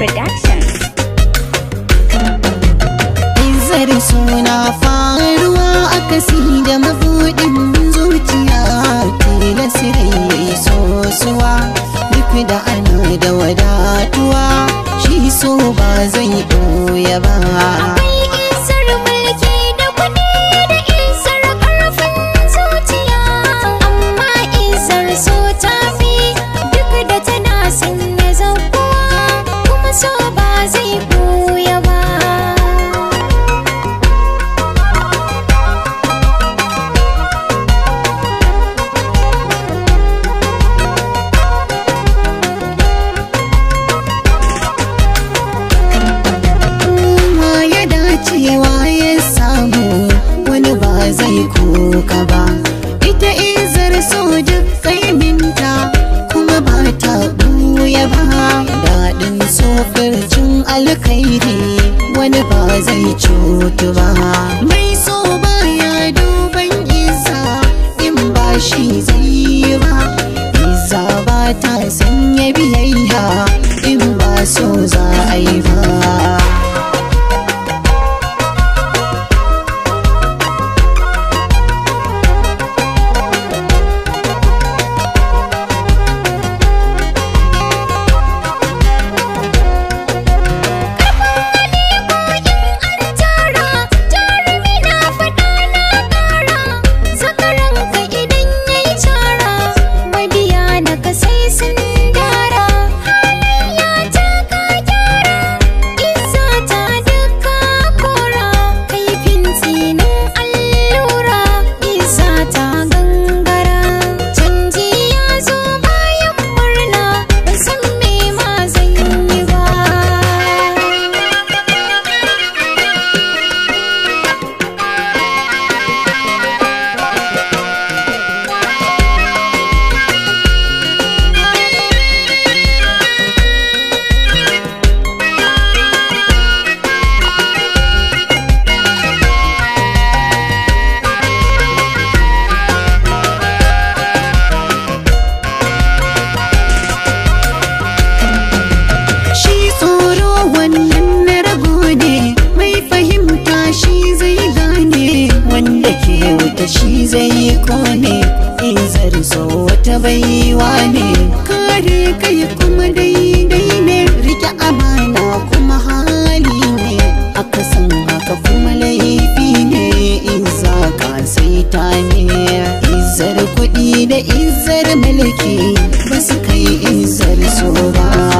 Productions. Izar suna faruwa a kasi da mabuɗin zuciya tila sirai sosuwa duk da ana da wadatuwa shi so ba zai ɗoya ba. kaba ba ita izar so duk kuma ba ta buya ba daɗin sofircin alkhairi wani ba zai cutu ba mai so ya duban isa in ba shi zai yi ba isa ba ta sanya biyayya in ba so za a yi ba shi zai kone in zarzo wata bai wane? kare kai kuma daidai ne rike amana kuma hali ne Aka san haka kuma laifi ne in za ka sai ne izar kuɗi da izar mulki ba su kai izar so ba